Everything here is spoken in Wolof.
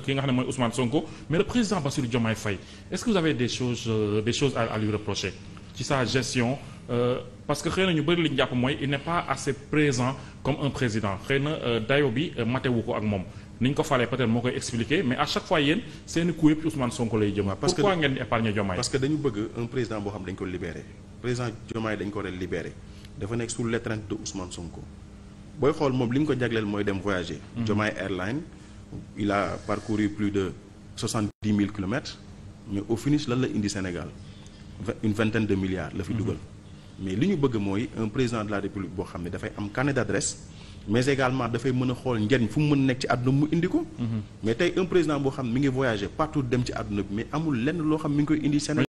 ki nga xam ne mooy Ousmane Sonko mais le président Bassirou Diomaye Faye est-ce que vous avez des choses euh, à lui reprocher ci sa gestion euh, parce que xëy na ñu bari li ñu jàpp mooy il n'est pas assez présent comme un président xëy na euh, dayo bi matewu ko ak moom ni ñu ko falee peut-être moo koy expliquer mais à chaque fois yéen seeni coup yëpp ci Sonko lay jëm. parce que dañu bëgg un président boo xam dañ ko libéré président Diomaye dañ ko war a nekk sous il a parcouru plus de soixante-dix mille kilomètres mais au finish lan la indi Sénégal une vingtaine de milliards la fi mhm. dugal mais li ñu bëgg mooy un président de la République boo xam ne dafay am carnet d'adresse mais également dafay mën a xool njariñ fu mu mën nekk ci àdduna mu indi ko mhm. mais tey un président boo xam ne mi ngi voyager partout dem ci àdduna bi mais amul lenn loo xam mi ngi koy indi Sénégal